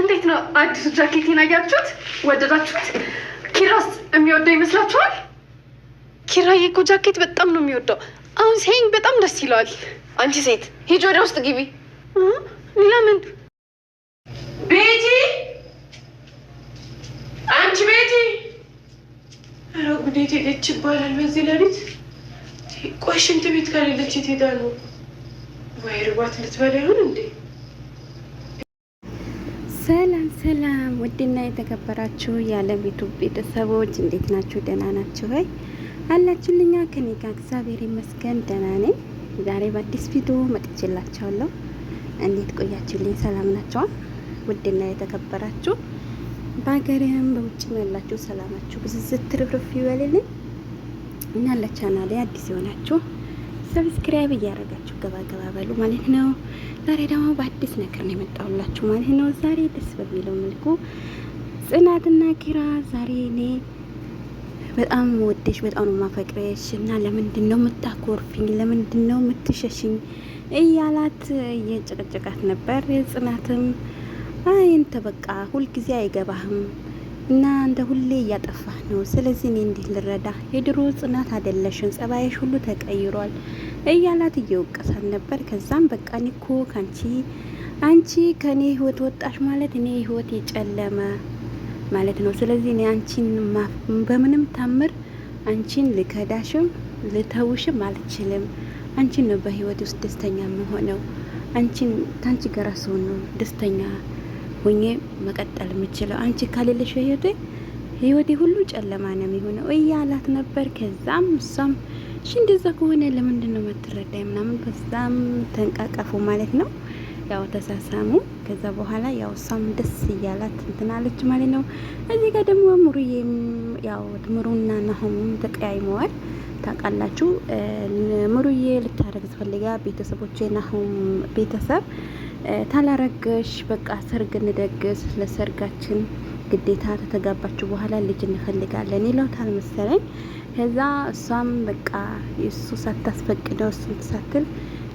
እንዴት ነው አዲሱ ጃኬቴን አያችሁት? ወደዳችሁት? ኪራስ የሚወደው ይመስላችኋል? ኪራዬ እኮ ጃኬት በጣም ነው የሚወደው። አሁን ሲያየኝ በጣም ደስ ይለዋል። አንቺ ሴት ሂጅ ወደ ውስጥ ግቢ። ለምን ቤቲ? አንቺ ቤቲ! ኧረ ጉዴት ሄደች ይባላል በዚህ ሌሊት። ቆይ ሽንት ቤት ከሌለች የት ሄዳ ነው? ወይ ርባት ልትበላ ይሆን እንዴ? ሰላም ውድና የተከበራችሁ የዓለም ዩቱብ ቤተሰቦች እንዴት ናችሁ? ደህና ናችሁ ወይ? አላችሁልኛ ከኔ ጋር እግዚአብሔር ይመስገን ደህና ነኝ። ዛሬ በአዲስ ቪዲዮ መጥቼላችኋለሁ። እንዴት ቆያችሁልኝ? ሰላም ናቸዋ። ውድና የተከበራችሁ በሀገርም በውጭም ያላችሁ ሰላማችሁ ብዝዝት ርፍርፍ ይበልልኝ እና ለቻናሌ አዲስ የሆናችሁ ሰብስክራይብ እያደረጋችሁ ገባ ገባ በሉ ማለት ነው። ዛሬ ደግሞ በአዲስ ነገር ነው የመጣሁላችሁ ማለት ነው። ዛሬ ደስ በሚለው መልኩ ጽናትና ኪራ ዛሬ እኔ በጣም ወደሽ በጣም ነው ማፈቅረሽ እና ለምንድን ነው የምታኮርፊኝ? ለምንድን ነው የምትሸሽኝ? እያላት እየጨቀጨቃት ነበር። ጽናትም አይ እንተ በቃ ሁልጊዜ አይገባህም እና እንደ ሁሌ እያጠፋህ ነው። ስለዚህ እኔ እንዴት ልረዳ? የድሮ ጽናት አይደለሽም፣ ጸባይሽ ሁሉ ተቀይሯል። እያላት እየወቀሳት ነበር። ከዛም በቃ እኔ እኮ ከአንቺ አንቺ ከኔ ህይወት ወጣሽ ማለት እኔ ህይወት የጨለመ ማለት ነው። ስለዚህ እኔ አንቺን በምንም ታምር አንቺን ልከዳሽም ልተውሽም አልችልም። አንቺን ነው በህይወት ውስጥ ደስተኛ የምሆነው። አንቺን ከአንቺ ጋር ሰው ነው ደስተኛ ሆኜ መቀጠል የምችለው። አንቺ ከሌለሽ ህይወቴ ህይወቴ ሁሉ ጨለማ ነው የሚሆነው እያላት ነበር። ከዛም እሷም እሺ እንደዛ ከሆነ ለምንድን ነው የምትረዳኝ ምናምን በዛም ተንቃቀፉ ማለት ነው። ያው ተሳሳሙ። ከዛ በኋላ ያው እሷም ደስ እያላት እንትናለች ማለት ነው። እዚህ ጋር ደግሞ ምሩዬም ያው ምሩና ናሆምም ተቀያይመዋል። ታውቃላችሁ ምሩዬ ልታረግዝ ፈልጋ ቤተሰቦቼ ናሆም ቤተሰብ ታላረገሽ በቃ ሰርግ እንደግስ ለሰርጋችን ግዴታ ከተጋባችሁ በኋላ ልጅ እንፈልጋለን ይለውታል መሰለኝ። ከዛ እሷም በቃ እሱ ሳታስፈቅደው እሱን ትሳትል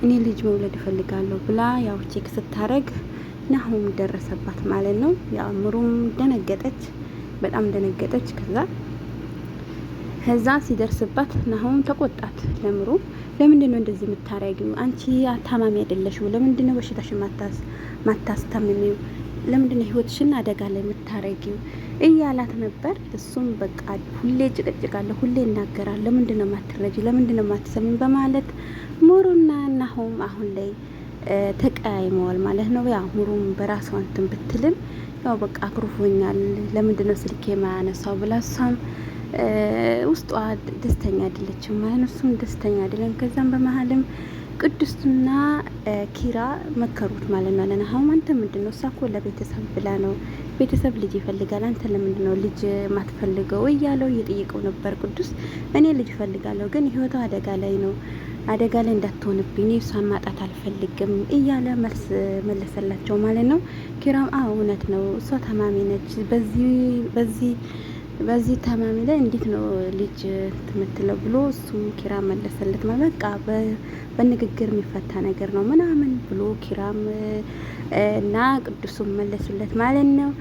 እኔ ልጅ መውለድ እፈልጋለሁ ብላ ያው ቼክ ስታረግ ናሁም ደረሰባት ማለት ነው። ያው ምሩም ደነገጠች፣ በጣም ደነገጠች። ከዛ ከዛ ሲደርስባት ናሁም ተቆጣት ለምሩ። ለምንድን ነው እንደዚህ የምታረጊው? አንቺ ታማሚ አይደለሽው? ለምንድን ነው በሽታሽ ማታስ ማታስ ማታስታምሚው ለምንድን ነው ህይወትሽን አደጋ ላይ የምታረጊው እያላት ነበር። እሱም በቃ ሁሌ ጭቅጭቃለሁ፣ ሁሌ እናገራለሁ፣ ለምንድን ነው የማትረጂ፣ ለምንድን ነው የማትሰሚኝ በማለት ሙሩና ናሆም አሁን ላይ ተቀያይመዋል ማለት ነው። ያ ሙሩም በራሷ እንትን ብትልም ያው በቃ አክሩፎኛል፣ ለምንድን ነው ስልኬ ማያነሳው ብላ እሷም ውስጧ ደስተኛ አይደለችም ማለት ነው። እሱም ደስተኛ አይደለም። ከዛም በመሀልም ቅዱስና ኪራ መከሩት ማለት ነው። ለና አሁን አንተ ምንድን ነው እሷ እኮ ለቤተሰብ ብላ ነው ቤተሰብ ልጅ ይፈልጋል። አንተ ለምንድን ነው ልጅ ማትፈልገው? እያለው እየጠየቀው ነበር ቅዱስ። እኔ ልጅ ፈልጋለሁ ግን ህይወቷ አደጋ ላይ ነው አደጋ ላይ እንዳትሆንብኝ እኔ እሷን ማጣት አልፈልግም እያለ መልስ መለሰላቸው ማለት ነው። ኪራም አዎ እውነት ነው እሷ ታማሚ ነች በዚህ በዚህ በዚህ ታማሚ ላይ እንዴት ነው ልጅ የምትለው ብሎ እሱም ኪራ መለሰለት። በቃ በንግግር የሚፈታ ነገር ነው ምናምን ብሎ ኪራም እና ቅዱሱም መለሱለት ማለት ነው።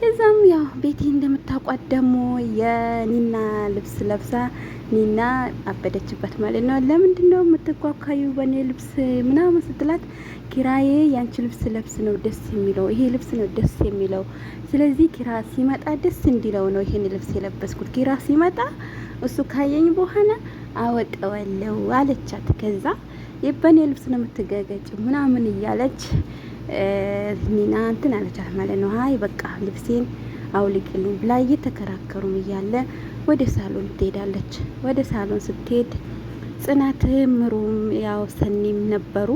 ከዛም ያው ቤቴ እንደምታውቋት ደግሞ የኒና ልብስ ለብሳ ኒና አበደችበት ማለት ነው። ለምንድን ነው የምትጓጓዩ በእኔ ልብስ ምናምን ስትላት ኪራዬ ያንቺ ልብስ ለብስ ነው ደስ የሚለው ይሄ ልብስ ነው ደስ የሚለው ስለዚህ ኪራ ሲመጣ ደስ እንዲለው ነው ይሄን ልብስ የለበስኩት። ኪራ ሲመጣ እሱ ካየኝ በኋላ አወቀዋለሁ አለቻት። ከዛ የበኔ ልብስ ነው የምትገገጭ ምናምን እያለች ኒና እንትን አለቻት ማለት ነው። ሀይ በቃ ልብሴን አውልቅልኝ ብላ እየተከራከሩም እያለ ወደ ሳሎን ትሄዳለች። ወደ ሳሎን ስትሄድ ጽናት ምሩም ያው ሰኒም ነበሩ።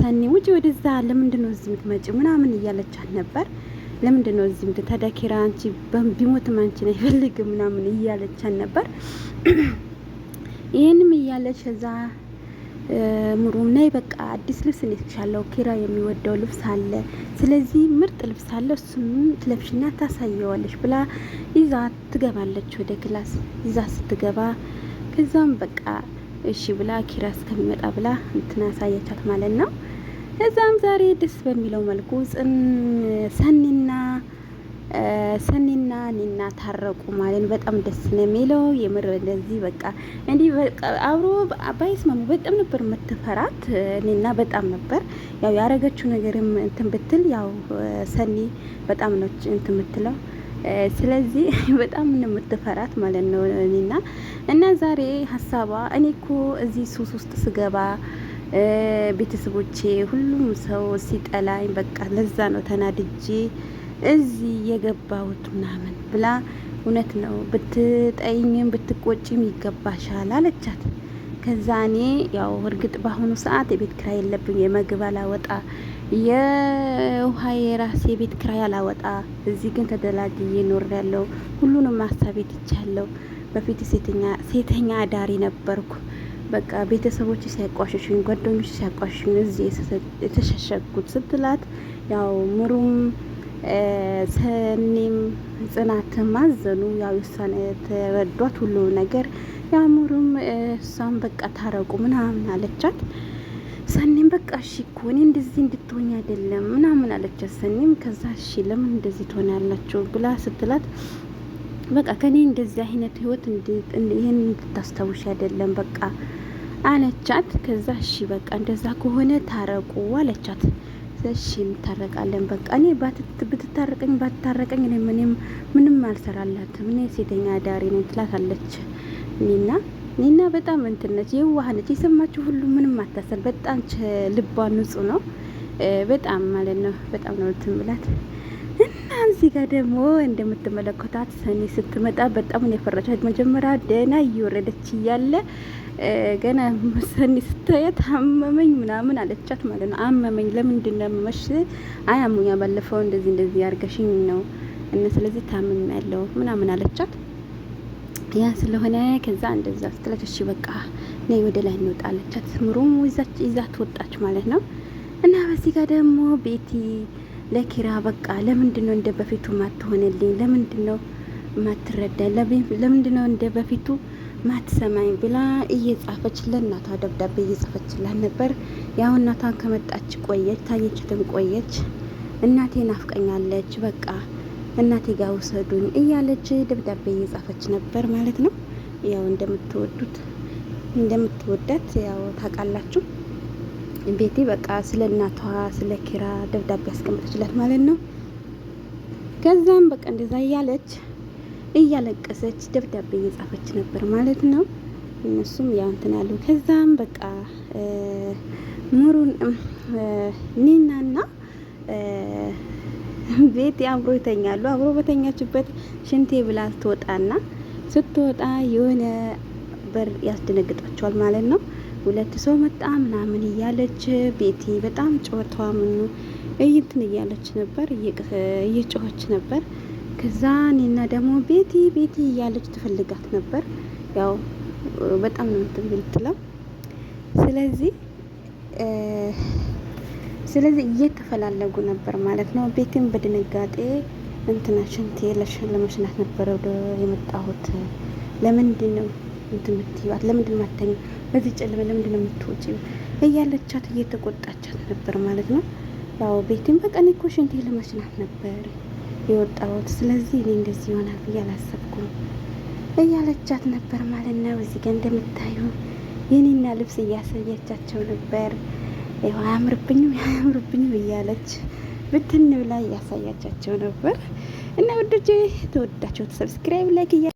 ሰኒ ውጭ ወደዛ ለምንድን ነው እዚህ የምትመጪው ምናምን እያለቻት ነበር። ለምንድን ነው እዚህ ምት ተዳኪራ አንቺ ቢሞትም አንቺን አይፈልግም ምናምን እያለቻት ነበር። ይህንም እያለች እዛ ምሩም ነይ በቃ አዲስ ልብስ እኔትሻለሁ ኪራ የሚወደው ልብስ አለ፣ ስለዚህ ምርጥ ልብስ አለ እሱም ትለብሽና ታሳየዋለሽ ብላ ይዛ ትገባለች ወደ ክላስ። ይዛ ስትገባ ከዛም በቃ እሺ ብላ ኪራ እስከሚመጣ ብላ እንትን አሳየቻት ማለት ነው። ከዛም ዛሬ ደስ በሚለው መልኩ ጽን ሰኒና ሰኒና ኒና ታረቁ ማለት በጣም ደስ ነው የሚለው የምር እንደዚህ በቃ እንዲህ አብሮ ባይስማሙ በጣም ነበር የምትፈራት ኒና በጣም ነበር ያው ያረገችው ነገርም እንትን ብትል ያው ሰኒ በጣም ነው እንትን ብትለው ስለዚህ በጣም ነው የምትፈራት ማለት ነው ኒና እና ዛሬ ሀሳቧ እኔ እኮ እዚህ ሱስ ውስጥ ስገባ ቤተሰቦቼ ሁሉም ሰው ሲጠላኝ በቃ ለዛ ነው ተናድጄ እዚህ የገባሁት ምናምን ብላ እውነት ነው ብትጠይኝም ብትቆጭም ይገባሻል አለቻት። ከዛ እኔ ያው እርግጥ በአሁኑ ሰዓት የቤት ክራይ የለብኝ፣ የመግብ አላወጣ፣ የውሃ የራሴ የቤት ክራይ አላወጣ። እዚህ ግን ተደላድዬ ኖር ያለው ሁሉንም ማሳቤት ትቻለሁ። በፊት ሴተኛ አዳሪ ነበርኩ። በቃ ቤተሰቦች ሲያቋሸሹኝ፣ ጓደኞች ሲያቋሸሹኝ እዚህ የተሸሸጉት ስትላት ያው ምሩም ሰኒም ጽናትም አዘኑ። ያው ውሳኔ የተረዷት ሁሉ ነገር የአእምሩም እሷን በቃ ታረቁ ምናምን አለቻት። ሰኒም በቃ እሺ እኮ እኔ እንደዚህ እንድትሆኝ አይደለም ምናምን አለቻት። ሰኒም ከዛ እሺ ለምን እንደዚህ ትሆናላችሁ ብላ ስትላት በቃ ከኔ እንደዚህ አይነት ህይወት ይህን እንድታስታውሽ አይደለም በቃ አለቻት። ከዛ እሺ በቃ እንደዛ ከሆነ ታረቁ አለቻት። እሺ እንታረቃለን። በቃ እኔ ባትት ብትታረቀኝ ባትታረቀኝ እኔ ምንም ምንም አልሰራላትም። እኔ ሴተኛ አዳሪ ነኝ ትላታለች። እኔና እኔና በጣም እንትን ነች፣ የዋህ ነች። የሰማችሁ ሁሉ ምንም አታሰር። በጣም ልቧ ንጹህ ነው። በጣም ማለት ነው። በጣም ነው ትምላት እዚህ ጋር ደግሞ እንደምትመለከቷት ሰኒ ስትመጣ በጣም ነው የፈራቻት። መጀመሪያ ደህና እየወረደች እያለ ገና ሰኒ ስታየት አመመኝ ምናምን አለቻት ማለት ነው። አመመኝ ለምንድን ነው ያመመሽ? አይ አሞኛ ባለፈው እንደዚህ እንደዚህ ያርገሽኝ ነው እና ስለዚህ ታምም ያለው ምናምን አለቻት። ያ ስለሆነ ከዛ እንደዛ ስትላት እሺ በቃ ነይ ወደ ላይ እንውጣ አለቻት። ምሩም ይዛት ወጣች ማለት ነው። እና በዚህ ጋር ደግሞ ቤቲ ለኪራ በቃ ለምንድን ነው እንደ በፊቱ ማትሆንልኝ? ለምንድን ነው ማትረዳ? ለምንድን ነው እንደ በፊቱ ማትሰማኝ? ብላ እየጻፈች ለእናቷ ደብዳቤ እየጻፈችላት ነበር። ያው እናቷን ከመጣች ቆየች፣ ታየችትም ቆየች። እናቴ ናፍቀኛለች፣ በቃ እናቴ ጋር ውሰዱኝ እያለች ደብዳቤ እየጻፈች ነበር ማለት ነው። ያው እንደምትወዱት እንደምትወዳት ያው ታውቃላችሁ። ቤቲ በቃ ስለ እናቷ ስለ ኪራ ደብዳቤ ያስቀምጠችላት ማለት ነው። ከዛም በቃ እንደዛ እያለች እያለቀሰች ደብዳቤ እየጻፈች ነበር ማለት ነው። እነሱም ያው እንትን አሉ። ከዛም በቃ ሙሩን ኒናና ቤቲ አብሮ ይተኛሉ። አብሮ በተኛችበት ሽንቴ ብላ ስትወጣና ስትወጣ የሆነ በር ያስደነግጣቸዋል ማለት ነው። ሁለት ሰው መጣ ምናምን እያለች ቤቲ በጣም ጨዋታ ምኑ እንትን እያለች ነበር፣ እየጮኸች ነበር። ከዛ እኔና ደግሞ ቤቲ ቤቲ እያለች ትፈልጋት ነበር። ያው በጣም ነው የምትለው። ስለዚህ ስለዚህ እየተፈላለጉ ነበር ማለት ነው። ቤቲም በድንጋጤ እንትና እንትናሽንቴ ለመሽናት ነበር ወደ የመጣሁት ለምንድን ነው እንትን የምትይዋት ለምንድን ማተኛ በዚህ ጨለማ ለምንድን ነው የምትወጪው? እያለቻት እየተቆጣቻት ነበር ማለት ነው። ያው ቤቴን በቀን እኮ ሽንቴ ለመሽናት ነበር የወጣሁት፣ ስለዚህ እኔ እንደዚህ ይሆናል ብዬ አላሰብኩም እያለቻት ነበር ማለት ነው። እዚህ ጋር እንደምታዩ የኔና ልብስ እያሳያቻቸው ነበር። ይኸው አያምርብኝም አያምርብኝም እያለች ብትን ብላ እያሳያቻቸው ነበር እና ወዶቼ ተወዳቸው ተሰብስክራይብ ላይክ እያ